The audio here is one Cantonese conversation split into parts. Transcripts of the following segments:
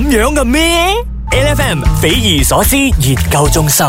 咁樣嘅咩？FM 匪夷所思研究中心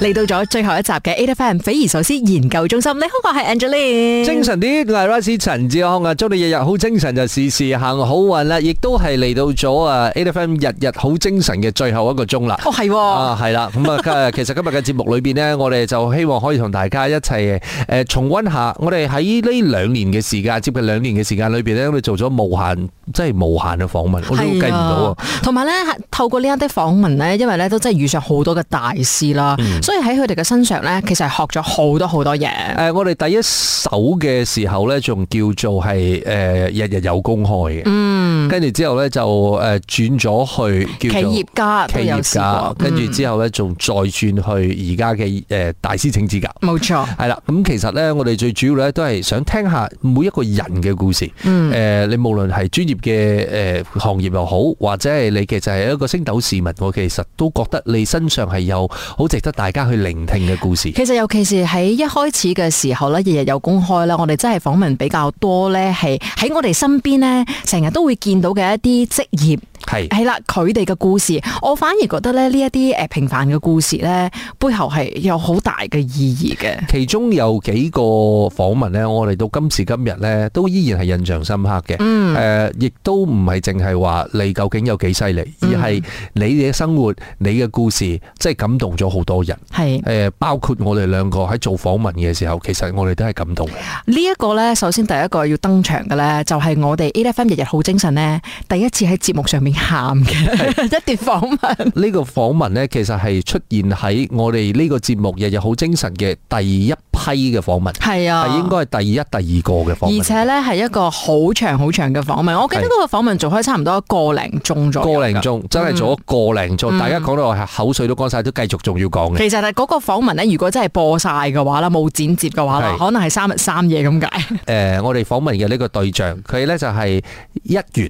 嚟到咗最後一集嘅 FM 匪夷所思研究中心，你好，我係 Angeline，精神啲，係 Russi 陳志康啊，祝你日日好精神，就事事行好運啦！亦都係嚟到咗啊，FM 日日好精神嘅最後一個鐘啦。哦，係啊，係啦，咁啊，其實今日嘅節目裏邊呢，我哋就希望可以同大家一齊誒重温下，我哋喺呢兩年嘅時間，接近兩年嘅時間裏邊呢，我哋做咗無限。真係無限嘅訪問，我都計唔到啊！同埋咧，透過呢一啲訪問咧，因為咧都真係遇上好多嘅大師啦，嗯、所以喺佢哋嘅身上咧，其實係學咗好多好多嘢。誒、呃，我哋第一手嘅時候咧，仲叫做係誒、呃、日日有公開嘅。嗯跟住之後咧，就誒轉咗去叫做企業家，企業家。跟住之後咧，仲再轉去而家嘅誒大師政治家。冇錯，係啦。咁其實咧，我哋最主要咧都係想聽下每一個人嘅故事。嗯。誒，你無論係專業嘅誒行業又好，或者係你其實係一個星斗市民，我其實都覺得你身上係有好值得大家去聆聽嘅故事。其實尤其是喺一開始嘅時候咧，日日有公開啦，我哋真係訪問比較多咧，係喺我哋身邊咧，成日都會見。見到嘅一啲職業係係啦，佢哋嘅故事，我反而覺得咧，呢一啲誒平凡嘅故事咧，背後係有好大嘅意義嘅。其中有幾個訪問咧，我哋到今時今日咧，都依然係印象深刻嘅。嗯，誒、呃，亦都唔係淨係話你究竟有幾犀利，而係你嘅生活、嗯、你嘅故事，即係感動咗好多人。係誒是、呃，包括我哋兩個喺做訪問嘅時候，其實我哋都係感動嘅。這呢一個咧，首先第一個要登場嘅咧，就係、是、我哋 AFM 日日好精神呢第一次喺節目上面喊嘅一段訪訪問，呢個訪問呢，其實係出現喺我哋呢個節目日日好精神嘅第一批嘅訪問，係是啊，係應該係第一第二個嘅訪問，而且呢，係一個好長好長嘅訪問。我記得嗰個訪問做開差唔多一個零鐘咗是，個零鐘真係做咗個零鐘，大家講到話口水都乾晒，都繼續仲要講嘅。其實嗰個訪問呢，如果真係播晒嘅話咧，冇剪接嘅話是可能係三日三夜咁解。誒，我哋訪問嘅呢個對象，佢呢就係一月。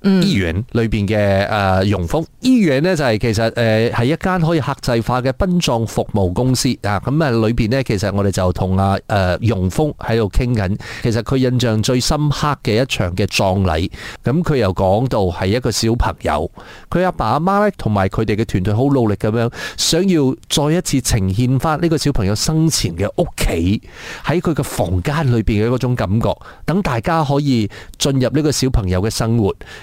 醫院裏邊嘅誒容福醫院呢，就係其實誒係一間可以客製化嘅殯葬服務公司啊，咁啊裏邊呢，其實我哋就同阿誒容福喺度傾緊，其實佢印象最深刻嘅一場嘅葬禮，咁佢又講到係一個小朋友，佢阿爸阿媽咧，同埋佢哋嘅團隊好努力咁樣，想要再一次呈現翻呢個小朋友生前嘅屋企喺佢嘅房間裏邊嘅嗰種感覺，等大家可以進入呢個小朋友嘅生活。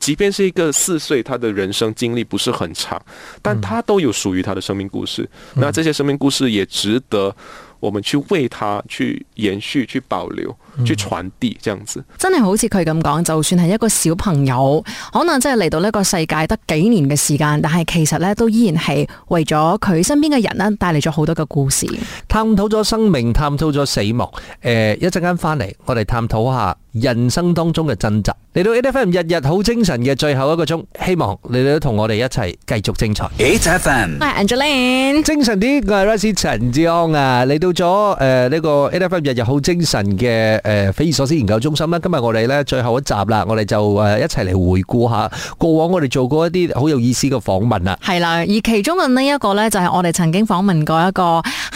即便是一個四歲，他的人生經歷不是很長，但他都有屬於他的生命故事。那這些生命故事也值得我們去為他去延續、去保留、去傳遞，這樣子。真係好似佢咁講，就算係一個小朋友，可能真係嚟到呢個世界得幾年嘅時間，但係其實呢都依然係為咗佢身邊嘅人呢帶嚟咗好多嘅故事。探討咗生命，探討咗死亡。誒、欸，一陣間翻嚟，我哋探討下。人生當中嘅掙扎，嚟到 A F M 日日好精神嘅最後一個鐘，希望你哋都同我哋一齊繼續精彩。A F M，我係 Angelina，精神啲，我係 Rosie 陳志安啊！嚟到咗誒呢個 A F M 日日好精神嘅誒匪夷所思研究中心啦，今日我哋咧最後一集啦，我哋就誒一齊嚟回顧一下過往我哋做過一啲好有意思嘅訪問啦。係啦，而其中嘅呢一個咧就係我哋曾經訪問過一個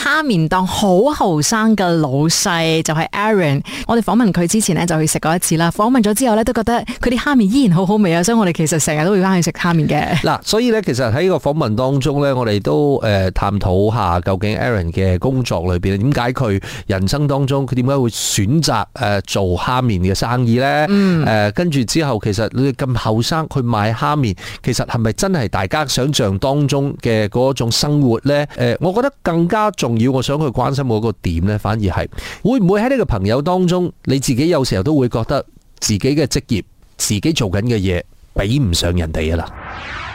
蝦麵檔好後生嘅老細，就係、是、Aaron。我哋訪問佢之前咧就食過一次啦，訪問咗之後咧，都覺得佢啲蝦麵依然好好味啊！所以我哋其實成日都會翻去食蝦麵嘅。嗱，所以咧，其實喺個訪問當中咧，我哋都誒探討一下究竟 Aaron 嘅工作裏邊，點解佢人生當中佢點解會選擇誒做蝦麵嘅生意咧？誒、嗯，跟住、啊、之後其實你哋咁後生去賣蝦麵，其實係咪真係大家想像當中嘅嗰種生活咧？誒、呃，我覺得更加重要，我想佢關心嗰個點咧，反而係會唔會喺呢個朋友當中，你自己有時候都～都會覺得自己嘅職業、自己做緊嘅嘢，比唔上人哋啊啦。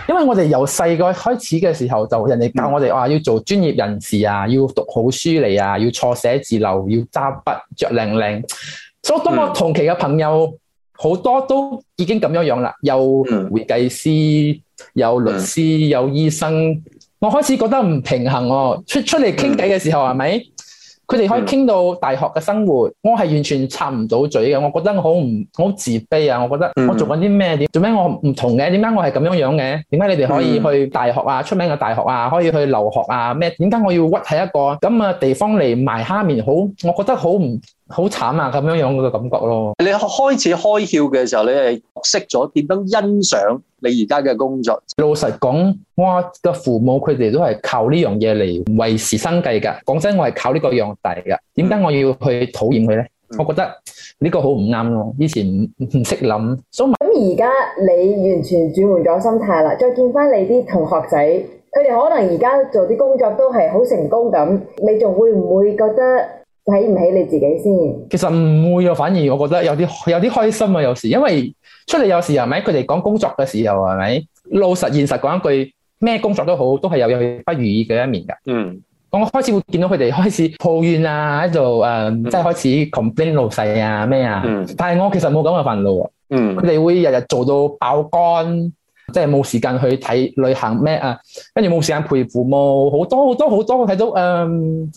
因為我哋由細個開始嘅時候，就人哋教我哋話、嗯啊、要做專業人士啊，要讀好書嚟啊，要坐寫字樓，要揸筆着靚靚。所以當我同期嘅朋友好、嗯、多都已經咁樣樣啦，有會計師、有律師，嗯、有律師、有醫生，我開始覺得唔平衡哦、啊。出出嚟傾偈嘅時候，係咪、嗯？是佢哋可以傾到大學嘅生活，我係完全插唔到嘴嘅。我覺得我好唔好自卑啊？我覺得我做緊啲咩點？做咩我唔同嘅？點解我係咁樣樣嘅？點解你哋可以去大學啊？嗯、出名嘅大學啊，可以去留學啊咩？點解我要屈喺一個咁嘅地方嚟賣蝦麵？好，我覺得好唔～好慘啊！咁樣樣嘅感覺咯。你開始開竅嘅時候，你係識咗點樣欣賞你而家嘅工作。老實講，我嘅父母佢哋都係靠呢樣嘢嚟維持生計噶。講真，我係靠呢個樣子大嘅。點解我要去討厭佢咧？嗯、我覺得呢個好唔啱咯。以前唔識識諗，所以咁而家你完全轉換咗心態啦。再見翻你啲同學仔，佢哋可能而家做啲工作都係好成功咁，你仲會唔會覺得？睇唔起你自己先，其實唔會啊！反而我覺得有啲有啲開心啊！有時因為出嚟，有時係咪佢哋講工作嘅時候係咪？老實現實講一句，咩工作都好，都係有有不如意嘅一面㗎。嗯，我開始會見到佢哋開始抱怨啊，喺度誒，即係開始 complain 老細啊咩啊。嗯，嗯啊啊、但係我其實冇咁嘅煩惱、啊。嗯，佢哋會日日做到爆肝，即係冇時間去睇旅行咩啊，跟住冇時間陪父母，好多好多好多我睇到誒，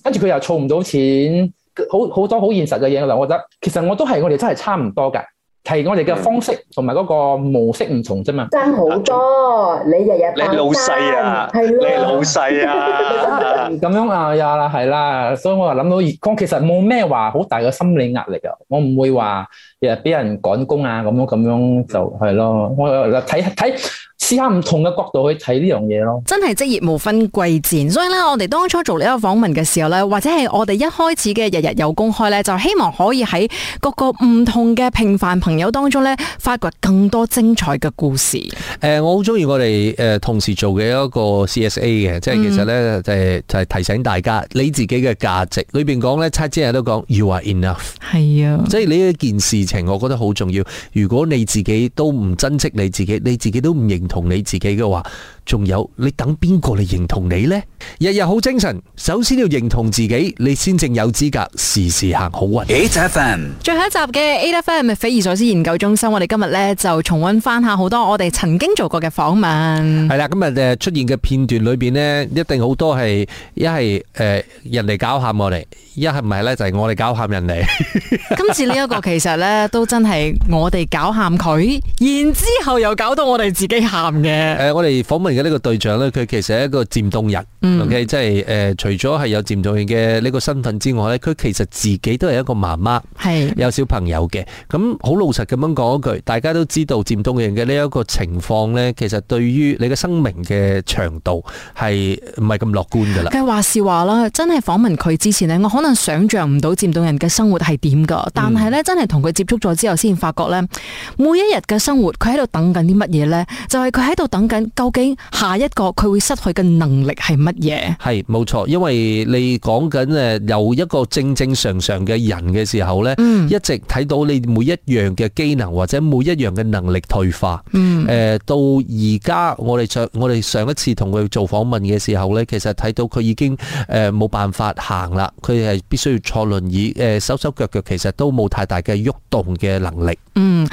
跟住佢又儲唔到錢。好好多好現實嘅嘢嚟，我覺得其實我都係我哋真係差唔多噶，係我哋嘅方式同埋嗰個模式唔同啫嘛。爭好多，你日日你老細啊，你老細啊，咁樣啊，呀啦，係啦，所以我話諗到，我其實冇咩話好大嘅心理壓力啊，我唔會話日日俾人趕工啊，咁樣咁樣就係咯，我睇睇。看看試下唔同嘅角度去睇呢樣嘢咯，真係職業無分貴賤，所以呢，我哋當初做呢個訪問嘅時候呢，或者係我哋一開始嘅日日有公開呢，就希望可以喺各個唔同嘅平凡朋友當中呢，發掘更多精彩嘅故事。誒、呃，我好中意我哋誒，同時做嘅一個 CSA 嘅，即係其實呢，嗯、就係提醒大家你自己嘅價值。裏邊講呢，七姐都講 You are enough，係啊，即係呢一件事情，我覺得好重要。如果你自己都唔珍惜你自己，你自己都唔認。同你自己嘅話，仲有你等邊個嚟認同你咧？日日好精神，首先要認同自己，你先正有資格時時行好運。Eight FM 最後一集嘅 Eight FM 係匪夷所思研究中心，我哋今日咧就重温翻下好多我哋曾經做過嘅訪問。係啦，今日誒出現嘅片段裏邊咧，一定好多係一係誒人哋搞喊我哋，一係唔係咧就係、是、我哋搞喊人哋 今次呢一個其實咧都真係我哋搞喊佢， 然之後又搞到我哋自己喊啱嘅，誒、呃，我哋訪問嘅呢個對象呢，佢其實係一個漸凍人，ok、嗯、即係誒、呃，除咗係有漸凍人嘅呢個身份之外呢，佢其實自己都係一個媽媽，係是有小朋友嘅，咁好老實咁樣講一句，大家都知道漸凍人嘅呢一個情況呢，其實對於你嘅生命嘅長度係唔係咁樂觀噶啦、嗯。佢話是話啦，真係訪問佢之前呢，我可能想象唔到漸凍人嘅生活係點噶，但係呢，真係同佢接觸咗之後，先發覺呢，每一日嘅生活，佢喺度等緊啲乜嘢呢？就係、是。佢喺度等緊，究竟下一個佢會失去嘅能力係乜嘢？係，冇錯，因為你講緊誒由一個正正常常嘅人嘅時候呢、嗯、一直睇到你每一樣嘅機能或者每一樣嘅能力退化。誒、嗯、呃，到而家我哋上我哋上一次同佢做訪問嘅時候呢，其實睇到佢已經誒冇、呃、辦法行啦，佢係必須要坐輪椅。誒，手手腳腳其實都冇太大嘅喐動嘅能力。嗯。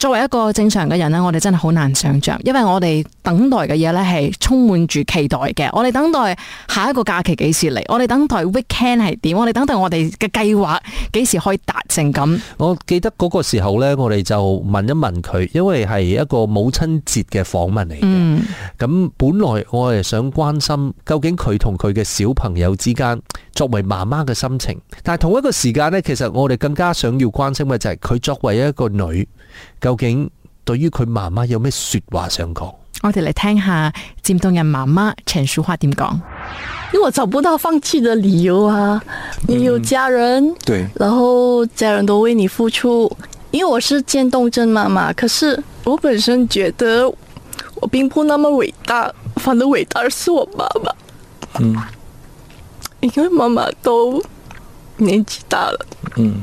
作為一個正常嘅人呢，我哋真係好難想象，因為我哋等待嘅嘢呢係充滿住期待嘅。我哋等待下一個假期幾時嚟？我哋等待 weekend 係點？我哋等待我哋嘅計劃幾時可以達成咁？我記得嗰個時候呢，我哋就問一問佢，因為係一個母親節嘅訪問嚟嘅。咁本來我係想關心究竟佢同佢嘅小朋友之間作為媽媽嘅心情，但係同一個時間呢，其實我哋更加想要關心嘅就係佢作為一個女。究竟對於佢媽媽有咩說話想講？我哋嚟聽下漸凍人媽媽陳淑華點講。因為我找不到放棄的理由啊，嗯、你有家人，對，然後家人都為你付出。因為我是漸凍症媽媽，可是我本身覺得我並不那麼偉大，反正偉大是我媽媽。嗯，因為媽媽都年紀大了。嗯。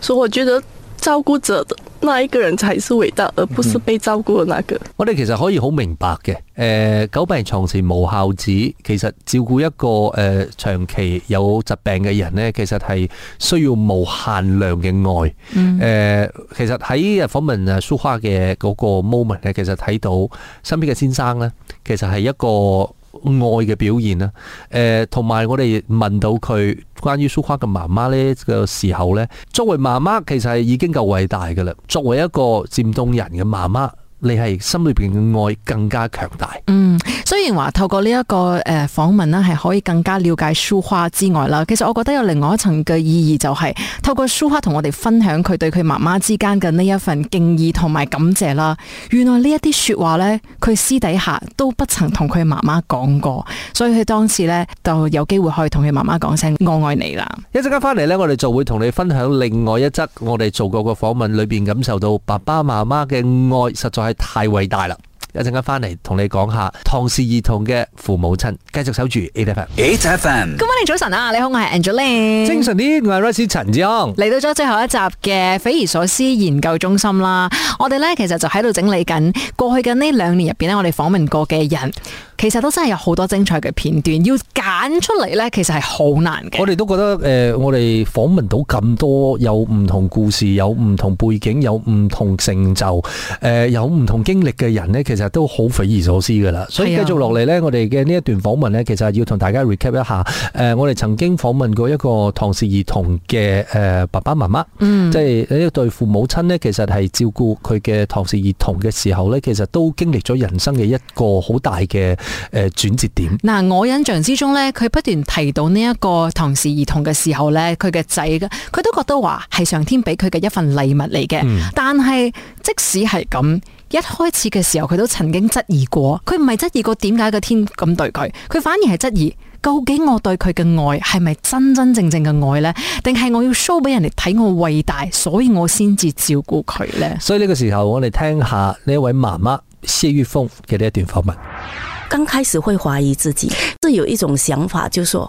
所以我覺得照顧者的那一個人才是偉大，而不是被照顧那個。我哋其實可以好明白嘅，誒、呃，久病床前無孝子，其實照顧一個誒、呃、長期有疾病嘅人呢，其實係需要無限量嘅愛。誒、呃，其實喺訪問誒蘇花嘅嗰個 moment 呢，其實睇到身邊嘅先生呢，其實係一個。愛嘅表現啦，誒，同埋我哋問到佢關於蘇花嘅媽媽呢個時候呢，作為媽媽其實係已經夠偉大噶啦，作為一個漸凍人嘅媽媽。你係心裏邊嘅愛更加強大。嗯，雖然話透過呢、這、一個誒訪、呃、問咧，係可以更加了解舒花之外啦，其實我覺得有另外一層嘅意義就係透過舒花同我哋分享佢對佢媽媽之間嘅呢一份敬意同埋感謝啦。原來呢一啲說話呢，佢私底下都不曾同佢媽媽講過，所以佢當時呢就有機會可以同佢媽媽講聲我愛你啦。一陣間翻嚟呢，我哋就會同你分享另外一則我哋做過嘅訪問裏邊感受到爸爸媽媽嘅愛，實在係太偉大了。回來跟，一陣間翻嚟同你講下唐氏兒童嘅父母親，繼續守住 Eight FM。Eight FM，Good morning，你早晨啊，你好，我係 Angeline。精神啲，我係 Russell 陳志雄。嚟到咗最後一集嘅匪夷所思研究中心啦，我哋咧其實就喺度整理緊過去嘅呢兩年入邊咧，我哋訪問過嘅人，其實都真係有好多精彩嘅片段要揀出嚟咧，其實係好難嘅。我哋都覺得誒、呃，我哋訪問到咁多有唔同故事、有唔同背景、有唔同成就、誒、呃、有唔同經歷嘅人呢。其其實都好匪夷所思噶啦，所以繼續落嚟呢，我哋嘅呢一段訪問呢，其實要同大家 recap 一下。誒，我哋曾經訪問過一個唐氏兒童嘅誒爸爸媽媽，嗯，即係一對父母親呢，其實係照顧佢嘅唐氏兒童嘅時候呢，其實都經歷咗人生嘅一個好大嘅誒轉折點。嗱、嗯，我印象之中呢，佢不斷提到呢一個唐氏兒童嘅時候呢，佢嘅仔，佢都覺得話係上天俾佢嘅一份禮物嚟嘅，嗯、但係即使係咁。一開始嘅時候，佢都曾經質疑過，佢唔係質疑過點解個天咁對佢，佢反而係質疑，「究竟我對佢嘅愛係咪真真正正嘅愛呢？定係我要 show 俾人哋睇我偉大，所以我先至照顧佢呢？」所以呢個時候，我哋聽下呢一位媽媽謝玉鳳嘅呢一段訪問。剛開始會懷疑自己，是有一種想法，就說。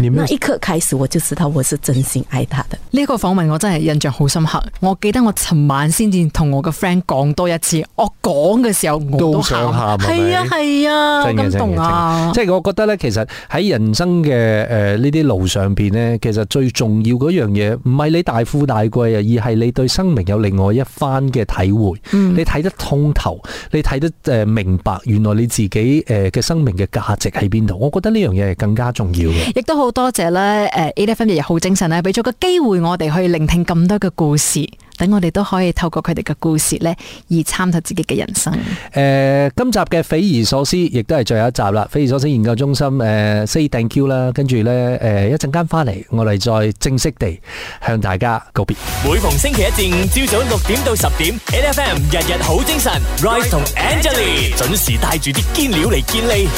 那一刻開始我就知道我是真心愛他的。呢個訪問我真係印象好深刻。我記得我尋晚先至同我嘅 friend 講多一次。我講嘅時候我都喊。都想喊係咪？係啊係啊，好感動啊！即係我覺得呢，其實喺人生嘅，誒呢啲路上邊呢，其實最重要嗰樣嘢唔係你大富大貴啊，而係你對生命有另外一番嘅體會。嗯，你睇得通透，你睇得明白，原來你自己誒嘅，呃、生命嘅價值喺邊度？我覺得呢樣嘢係更加重要嘅。亦都好。好多謝咧！誒，A. F. M. 日日好精神咧，俾咗個機會我哋去聆聽咁多嘅故事，等我哋都可以透過佢哋嘅故事咧，而參透自己嘅人生。誒，今集嘅匪夷所思亦都係最後一集啦。匪夷所思研究中心誒，Say Thank You 啦，跟住咧，誒，一陣間翻嚟，我哋再正式地向大家告別。每逢星期一至五朝早六點到十點，A. F. M. 日日好精神，Rise 同 Angelie 準時帶住啲堅料嚟健力。